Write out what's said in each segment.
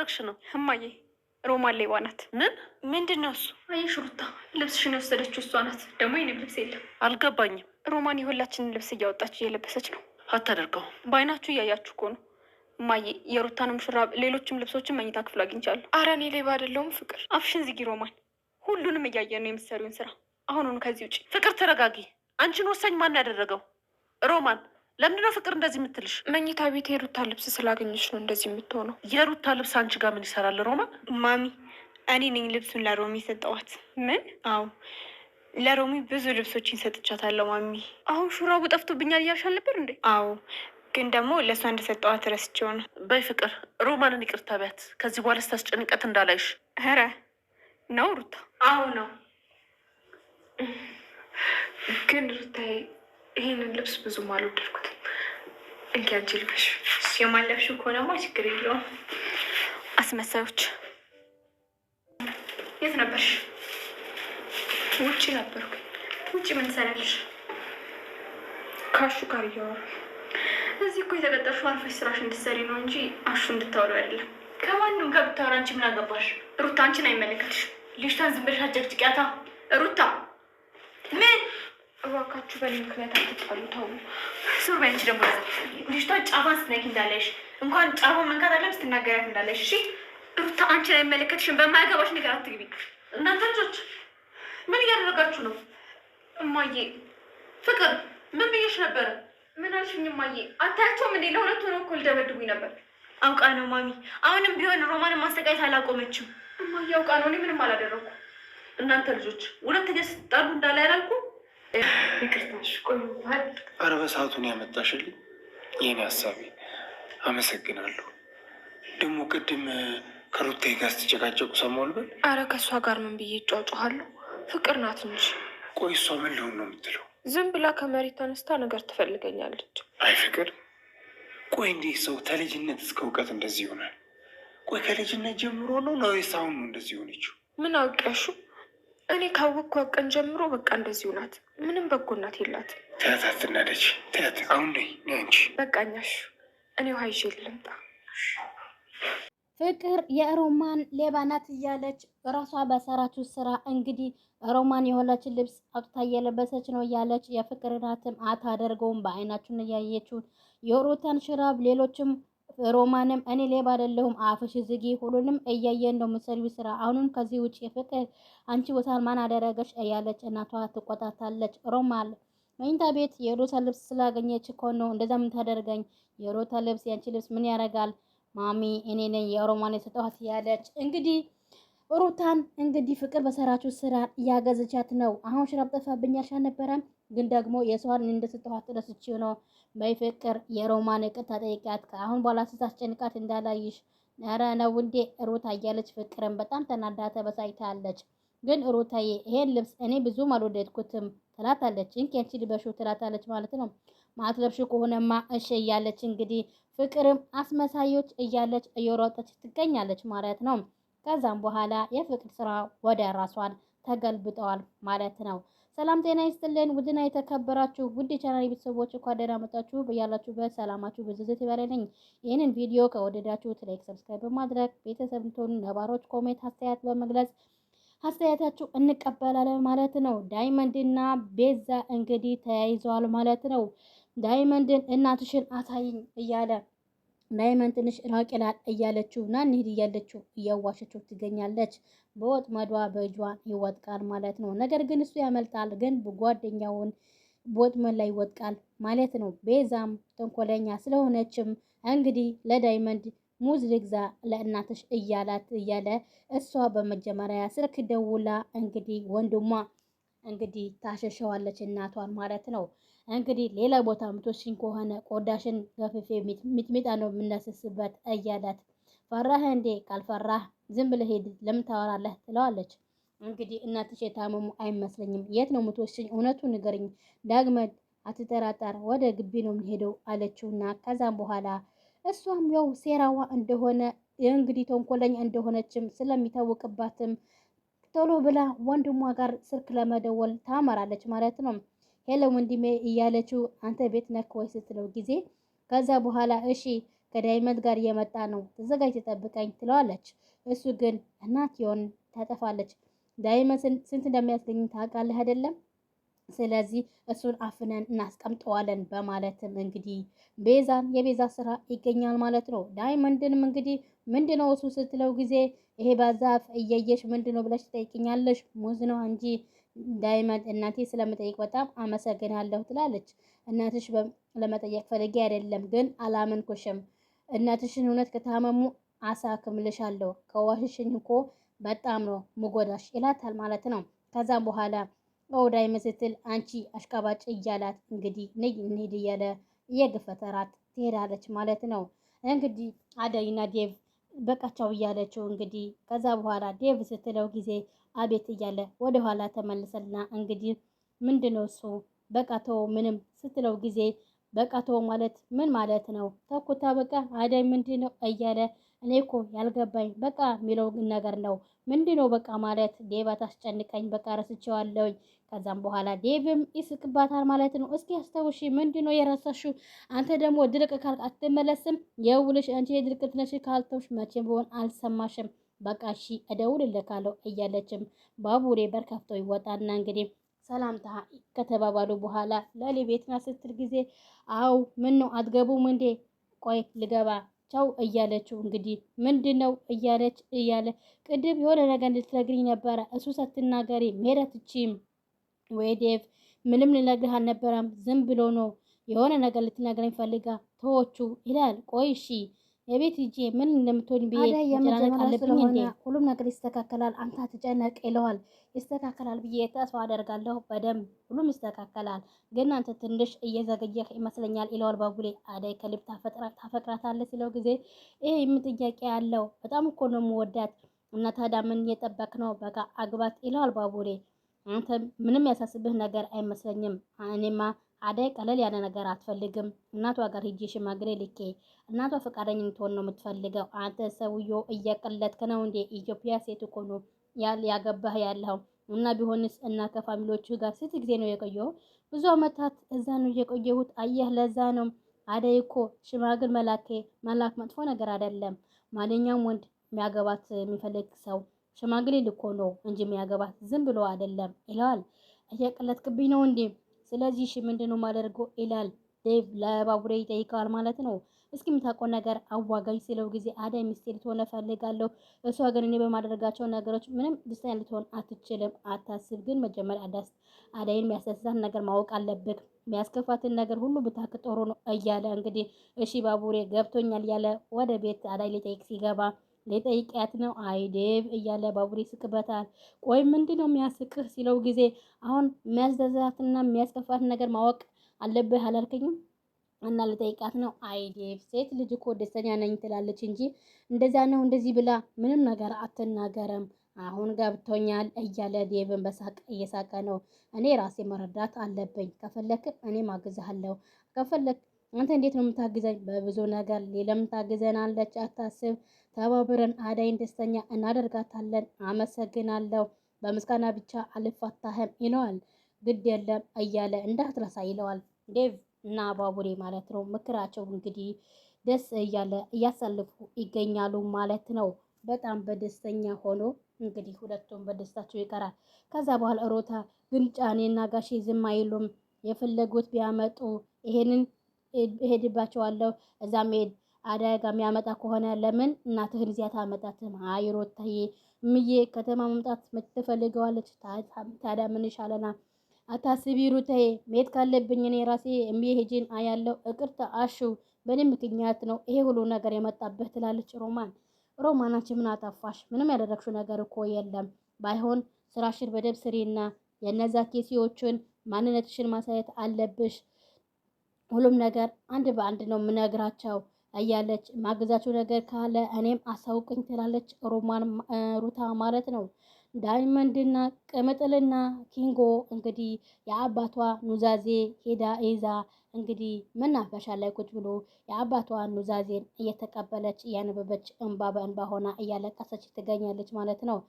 እያደረግሽ ነው? እማዬ ሮማን ሌባ ናት። ምን ምንድን ነው እሱ? አየሽ ሩታ፣ ልብስሽን የወሰደችው እሷ ናት። ደግሞ የኔም ልብስ የለም። አልገባኝም። ሮማን የሁላችንን ልብስ እያወጣች እየለበሰች ነው። አታደርገውም። በአይናችሁ እያያችሁ እኮ ነው እማዬ። የሩታንም ሹራብ፣ ሌሎችም ልብሶችን መኝታ ክፍል አግኝቻለሁ። አረ እኔ ሌባ አይደለሁም። ፍቅር አፍሽን ዝጊ ሮማን። ሁሉንም እያየን ነው የምትሰሪውን ስራ። አሁኑኑ ከዚህ ውጭ። ፍቅር ተረጋጊ። አንቺን ወሳኝ ማን ያደረገው? ሮማን ለምንድነው ፍቅር እንደዚህ የምትልሽ? መኝታ ቤት የሩታ ልብስ ስላገኘች ነው እንደዚህ የምትሆነው። የሩታ ልብስ አንቺ ጋር ምን ይሰራል? ሮማ ማሚ፣ እኔ ነኝ ልብሱን ለሮሚ ሰጠዋት። ምን? አዎ ለሮሚ ብዙ ልብሶችን ሰጥቻታለሁ ማሚ። አሁን ሹራቡ ጠፍቶብኛል እያልሽ አልነበር እንዴ? አዎ ግን ደግሞ ለእሷ እንደሰጠዋት ረስቼው ነው። በይ ፍቅር ሮማንን ይቅርታ ቢያት ከዚህ በኋላ ስታስጨንቀት እንዳላይሽ። ኧረ ነው ሩታ? አዎ ነው። ግን ሩታዬ ይህንን ልብስ ብዙም አልወደድኩት እንኪያች ልበሽ። የማለፍሽው ከሆነማ ችግር የለውም። አስመሳዮች የት ነበርሽ? ውጭ ነበርኩ። ውጭ ምን ትሰሪያለሽ? ከአሹ ጋር እዚህ እኮ የተቀጠርሽው አርፈሽ ስራሽ እንድትሰሪ ነው እንጂ አሹ እንድታውለው አይደለም። ከማንም ጋር ብታወራ አንቺ ምን አገባሽ? ሩታ አንቺን አይመለከትሽ። ልጅቷን ዝም ብለሽ አጨቅጭቂያታ ሩታ እባካችሁ በእኔ ምክንያት አትጣሉ፣ ተው። ሱር በንች ደግሞ ልጅቷ ጫማን ስትነኪ እንዳለሽ እንኳን ጫማ መንካት አለም ስትናገሪያት እንዳለሽ። እሺ ሩታ፣ አንቺን አይመለከትሽም። በማያገባሽ ነገር አትግቢ። እናንተ ልጆች ምን እያደረጋችሁ ነው? እማዬ ፍቅር፣ ምን ብዬሽ ነበረ? ምን አልሽኝ? እማዬ አታያቸውም እንዴ? ለሁለቱ ነው እኮ ልደበድቡኝ ነበር። አውቃ ነው ማሚ። አሁንም ቢሆን ሮማን ማሰቃየት አላቆመችም። እማዬ አውቃ ነው። እኔ ምንም አላደረግኩ። እናንተ ልጆች ሁለተኛ ስትጣሉ እንዳለ ያላልኩ ኧረ በሰዓቱን ያመጣሽልኝ የኔ ሀሳቤ አመሰግናለሁ። ደግሞ ቅድም ከሩታዬ ጋር ስትጨቃጨቁ ሰማሁል በል። አረ ከእሷ ጋር ምን ብዬ እጫጩኋለሁ? ፍቅር ናት እንጂ። ቆይ እሷ ምን ሊሆን ነው የምትለው? ዝም ብላ ከመሬት ተነስታ ነገር ትፈልገኛለች። አይ ፍቅር። ቆይ እንዲህ ሰው ከልጅነት እስከ እውቀት እንደዚህ ይሆናል? ቆይ ከልጅነት ጀምሮ ነው ነው የሳሁን ነው እንደዚህ ሆነችው? ምን አውቂያሹ እኔ ካወቅኩ ቀን ጀምሮ በቃ እንደዚሁ ናት። ምንም በጎናት የላት። ተያት አትናደጅ፣ ተያት። አሁን ነይ አንቺ በቃኛሽ። እኔ ውሃ ይዤ ልምጣ። ፍቅር የሮማን ሌባ ናት እያለች እራሷ በሰራችው ስራ እንግዲህ ሮማን የሆነችን ልብስ አውጥታ እየለበሰች ነው እያለች የፍቅር ናትም አታደርገውም። በአይናችን እያየችውን የሮተን ሽራብ ሌሎችም ሮማንም እኔ ሌባ አይደለሁም አፍሽ ዝጊ፣ ሁሉንም እያየ እንደው የምትሰሪው ስራ። አሁንም ከዚህ ውጭ ፍቅር አንቺ ቦታን ማን አደረገሽ እያለች እናቷ ትቆጣታለች። ሮማል መኝታ ቤት የሮታ ልብስ ስላገኘች እኮ ነው እንደዛ የምታደርገኝ። የሮታ ልብስ የአንቺ ልብስ ምን ያደርጋል? ማሚ እኔ ነኝ የሮማን የሰጠኋት ያለች እንግዲህ ሩታን እንግዲህ ፍቅር በሰራችው ስራ እያገዘቻት ነው። አሁን ሽራብ ጠፋብኛል ነበረም ግን ደግሞ የሰዋን እንደሰጠኋት ረስቼው ነው። በይፍቅር የሮማን ይቅርታ ጠይቃት። ከአሁን በኋላ ስታስጨንቃት እንዳላይሽ ኧረ ነው እንዴ ሩታ እያለች ፍቅርን በጣም ተናዳ ተበሳጭታለች። ግን ሩታዬ ይሄን ልብስ እኔ ብዙም አልወደድኩትም ትላታለች። እንኪያንቺ ልበሽው ትላታለች ማለት ነው። ማትለብሽ ከሆነማ እሺ እያለች እንግዲህ ፍቅርም አስመሳዮች እያለች እየሮጠች ትገኛለች ማለት ነው። ከዛም በኋላ የፍቅር ስራ ወደ ራሷን ተገልብጠዋል ማለት ነው። ሰላም ጤና ይስጥልን። ውድና የተከበራችሁ ውድ ቻናል ቤተሰቦች እንኳን ደህና መጣችሁ። በያላችሁበት ሰላማችሁ ብዝዝት ይበለልኝ። ይህንን ቪዲዮ ከወደዳችሁት ላይክ፣ ሰብስክራይብ በማድረግ ቤተሰብ እንድትሆኑ ነባሮች ኮሜንት አስተያየት በመግለጽ አስተያየታችሁ እንቀበላለን ማለት ነው። ዳይመንድና ቤዛ እንግዲህ ተያይዘዋል ማለት ነው። ዳይመንድን እናትሽን አሳይኝ እያለ ዳይመንድ ትንሽ ራቅ ይላል እያለችው ና እንሂድ እያለችው እያዋሸችው ትገኛለች። በወጥ መዷ በእጇ ይወጥቃል ማለት ነው። ነገር ግን እሱ ያመልጣል፣ ግን ጓደኛውን በወጥመድ ላይ ይወጥቃል ማለት ነው። ቤዛም ተንኮለኛ ስለሆነችም እንግዲህ ለዳይመንድ ሙዝ ልግዛ ለእናትሽ እያላት እያለ እሷ በመጀመሪያ ስልክ ደውላ እንግዲህ ወንድሟ እንግዲህ ታሸሸዋለች እናቷን ማለት ነው። እንግዲህ ሌላ ቦታ ምቶሽን ከሆነ ቆዳሽን ገፍፌ ሚጥሚጣ ነው የምነስስበት እያላት ፈራህ እንዴ ካልፈራህ ዝም ብለህ ሂድ ለምን ታወራለህ ትለዋለች እንግዲህ እናትሽ የታመሙ አይመስለኝም የት ነው ምቶሽኝ እውነቱ ንገርኝ ዳግመት አትጠራጠር ወደ ግቢ ነው የምንሄደው አለችውና ከዛም በኋላ እሷም ያው ሴራዋ እንደሆነ እንግዲህ ተንኮለኛ እንደሆነችም ስለሚታወቅባትም ቶሎ ብላ ወንድሟ ጋር ስልክ ለመደወል ታመራለች ማለት ነው ሄሎ ወንድሜ እያለችው አንተ ቤት ነክ ወይ ስትለው ጊዜ ከዛ በኋላ እሺ ከዳይመንድ ጋር እየመጣ ነው ተዘጋጅ ተጠብቀኝ ትለዋለች። እሱ ግን እናት የሆን ታጠፋለች። ዳይመንድ ስንት እንደሚያስገኝ ታውቃለህ አይደለም? ስለዚህ እሱን አፍነን እናስቀምጠዋለን በማለትም እንግዲህ ቤዛን የቤዛ ስራ ይገኛል ማለት ነው። ዳይመንድንም እንግዲህ ምንድነው እሱ ስትለው ጊዜ ይሄ በዛፍ እየየሽ ምንድነው ብለሽ ትጠይቅኛለሽ ሙዝ ነው እንጂ ዳይመንድ እናቴ ስለመጠየቅ በጣም አመሰግናለሁ ትላለች። እናትሽ ለመጠየቅ ፈልጌ አይደለም፣ ግን አላመንኩሽም። እናትሽን እውነት ከታመሙ አሳክምልሻለሁ፣ ከዋሽሽኝ እኮ በጣም ነው ምጎዳሽ ይላታል ማለት ነው። ከዛም በኋላ ዳይመንድ ምስትል አንቺ አሽቃባጭ እያላት እንግዲህ ነይ እንሂድ እያለ እየገፈተራት ትሄዳለች ማለት ነው። እንግዲህ አደይና ዴቭ በቃቸው እያለችው እንግዲህ ከዛ በኋላ ዴቭ ስትለው ጊዜ አቤት እያለ ወደ ኋላ ተመልሰና እንግዲህ ምንድነው እሱ በቃቶ ምንም ስትለው ጊዜ በቃቶ ማለት ምን ማለት ነው? ተኩታ በቃ አደይ ምንድነው እያለ እኔ እኮ ያልገባኝ በቃ የሚለው ነገር ነው። ምንድነው በቃ ማለት ዴባ ታስጨንቀኝ፣ በቃ ረስቼዋለሁኝ። ከዛም በኋላ ዴብም ይስቅባታል ማለት ነው። እስኪ አስታውሺ፣ ምንድነው የረሳሽው? አንተ ደግሞ ድርቅ ካልክ አትመለስም። የውልሽ አንቺ ድርቅ ትነሽ ካልተውሽ መቼም ቢሆን አልሰማሽም። በቃ እሺ እደውልልካለሁ እያለችም ባቡሬ በር ከፍቶ ይወጣና እንግዲህ ሰላምታ ከተባባሉ በኋላ ለሊ ቤት ናት ስትል ጊዜ አው ምን ነው አትገቡም እንዴ? ቆይ ልገባ ቻው እያለችው እንግዲህ ምንድን ነው እያለች እያለ ቅድም የሆነ ነገር ልትነግሪኝ ነበረ፣ እሱ ስትናገሪ ሜረት ቺም ወይ ዴቭ ምንም ልነግርህ አልነበረም፣ ዝም ብሎ ነው የሆነ ነገር ልትነግረኝ ፈልጋ ተወቹ ይላል። ቆይ እሺ የቤት ልጅ ምን እንደምትሆን ብዬ መጨናነቅ እንዴ? ሁሉም ነገር ይስተካከላል፣ አንተ አትጨነቅ ይለዋል። ይስተካከላል ብዬ ተስፋ አደርጋለሁ። በደንብ ሁሉም ይስተካከላል፣ ግን አንተ ትንሽ እየዘገየህ ይመስለኛል ይለዋል ባቡሌ። አዳይ ከልብ ታፈቅራታለህ ሲለው ጊዜ ይሄ ምን ጥያቄ ያለው? በጣም እኮ ነው የምወዳት እና ታዲያ ምን እየጠበቅ ነው? በቃ አግባት ይለዋል ባቡሌ። አንተ ምንም ያሳስብህ ነገር አይመስለኝም እኔማ አደይ ቀለል ያለ ነገር አትፈልግም። እናቷ ጋር ሂጂ ሽማግሌ ልኬ እናቷ ፈቃደኛ እንድትሆን ነው የምትፈልገው። አንተ ሰውዬው እየቀለድክ ነው እንዴ? ኢትዮጵያ ሴት እኮ ነው ያል ያገባህ ያለው እና ቢሆንስ እና ከፋሚሊዎቹ ጋር ስንት ጊዜ ነው የቆየው? ብዙ አመታት እዛ ነው የቆየሁት። አየህ፣ ለዛ ነው አደይ እኮ ሽማግል መላኬ መላክ መጥፎ ነገር አይደለም። ማንኛውም ወንድ የሚያገባት የሚፈልግ ሰው ሽማግሌ ልኮ ነው እንጂ የሚያገባት ዝም ብሎ አይደለም ይለዋል። እየቀለድክብኝ ነው እንዴ? ስለዚህ እሺ ምንድነው የማደርገው ይላል ዴቭ ለባቡሬ ይጠይቀዋል ማለት ነው። እስኪ የምታውቀው ነገር አዋጋኝ ሲለው ጊዜ አዳይ ሚስቴ ልትሆን እፈልጋለሁ። እሷ ግን እኔ በማደርጋቸው ነገሮች ምንም ደስተኛ ልትሆን አትችልም። አታስብ። ግን መጀመሪያ አዳስ አዳይን የሚያሳስታት ነገር ማወቅ አለብህ። የሚያስከፋትን ነገር ሁሉ ብታክ ጥሩ ነው እያለ እንግዲህ እሺ ባቡሬ ገብቶኛል ያለ ወደ ቤት አዳይ ሊጠይቅ ሲገባ ሊጠይቂያት ነው አይደብ እያለ ባቡሬ ይስቅበታል። ቆይ ምንድን ነው የሚያስቅህ ሲለው ጊዜ አሁን የሚያስደዛትና የሚያስከፋት ነገር ማወቅ አለብህ አላልከኝም? እና ልጠይቃት ነው አይዴብ ሴት ልጅ እኮ ደስተኛ ነኝ ትላለች እንጂ እንደዚያ ነው እንደዚህ ብላ ምንም ነገር አትናገረም። አሁን ገብቶኛል እያለ ዴቭን በሳቅ እየሳቀ ነው። እኔ ራሴ መረዳት አለብኝ። ከፈለክ እኔ ማግዝሃለሁ። ከፈለክ አንተ እንዴት ነው የምታግዘኝ? በብዙ ነገር ሌለም ታግዘናለች። አታስብ ተባብረን አዳይን ደስተኛ እናደርጋታለን። አመሰግናለሁ፣ በምስጋና ብቻ አልፋታህም ይለዋል። ግድ የለም እያለ እንዳትረሳ ይለዋል። ዴቭ እና ባቡሬ ማለት ነው። ምክራቸው እንግዲህ ደስ እያለ እያሳልፉ ይገኛሉ ማለት ነው። በጣም በደስተኛ ሆኖ እንግዲህ ሁለቱም በደስታቸው ይቀራል። ከዛ በኋላ ሮታ ግን ጫኔና ጋሼ ዝም አይሉም። የፈለጉት ቢያመጡ ይሄንን እሄድባቸዋለሁ እዛ መሄድ አደጋ የሚያመጣ ከሆነ ለምን እናትህን እዚያ ታመጣትም? አይ ሩታዬ እምዬ ከተማ መምጣት ትፈልገዋለች። ታዲያ ምን ይሻለና አታስቢ ሩታዬ፣ መሄድ ካለብኝ እኔ ራሴ እምዬ ሄጂን አያለው። እቅርታ አሹ፣ በእኔ ምክንያት ነው ይሄ ሁሉ ነገር የመጣብህ ትላለች ሮማን። ሮማናችን ምን አጠፋሽ? ምንም ያደረግሽው ነገር እኮ የለም። ባይሆን ስራሽን በደብ ስሪና የነዛ ኬሲዎችን ማንነትሽን ማሳየት አለብሽ። ሁሉም ነገር አንድ በአንድ ነው የምነግራቸው እያለች ማግዛችሁ ነገር ካለ እኔም አሳውቅኝ ትላለች ሮማን ሩታ ማለት ነው። ዳይመንድና ቅምጥልና ኪንጎ እንግዲህ የአባቷ ኑዛዜ ሄዳ ይዛ እንግዲህ መናፈሻ ላይ ቁጭ ብሎ የአባቷ ኑዛዜን እየተቀበለች እያነበበች እንባ በእንባ ሆና እያለቀሰች ትገኛለች ማለት ነው።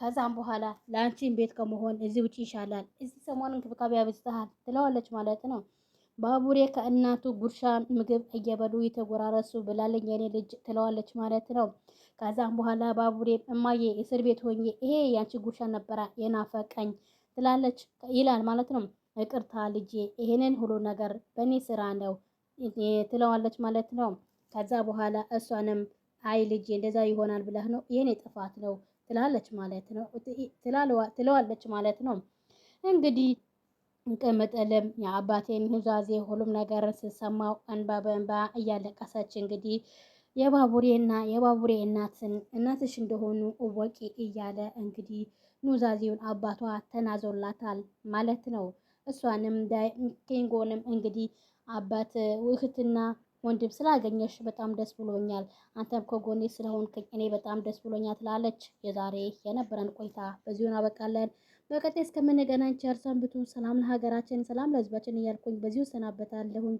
ከዛም በኋላ ለአንቺን ቤት ከመሆን እዚህ ውጭ ይሻላል፣ እዚህ ሰሞን እንክብካቤ ያበዝተሃል ትለዋለች ማለት ነው። ባቡሬ ከእናቱ ጉርሻ ምግብ እየበሉ የተጎራረሱ ብላለኝ የኔ ልጅ ትለዋለች ማለት ነው። ከዛም በኋላ ባቡሬ እማዬ እስር ቤት ሆኜ ይሄ ያንቺ ጉርሻ ነበራ የናፈቀኝ ትላለች ይላል ማለት ነው። እቅርታ ልጄ ይሄንን ሁሉ ነገር በእኔ ስራ ነው ትለዋለች ማለት ነው። ከዛ በኋላ እሷንም አይ ልጄ እንደዛ ይሆናል ብለህ ነው የኔ ጥፋት ነው ትላለች ማለት ነው ትለዋለች ማለት ነው እንግዲህ ቅምጥልም የአባቴን ኑዛዜ ሁሉም ነገር ስሰማው እንባ በእንባ እያለቀሰች እንግዲህ የባቡሬና የባቡሬ እናትን እናትሽ እንደሆኑ እወቂ እያለ እንግዲህ ኑዛዜውን አባቷ ተናዞላታል ማለት ነው። እሷንም ኬንጎንም እንግዲህ አባት እህትና ወንድም ስላገኘሽ በጣም ደስ ብሎኛል፣ አንተም ከጎኔ ስለሆንክ እኔ በጣም ደስ ብሎኛል ትላለች። የዛሬ የነበረን ቆይታ በዚሁ እናበቃለን። በቀጣይ እስከምንገናኝ ቸር ሰንብቱ። ሰላም ለሀገራችን፣ ሰላም ለሕዝባችን እያልኩኝ በዚሁ እሰናበታለሁኝ።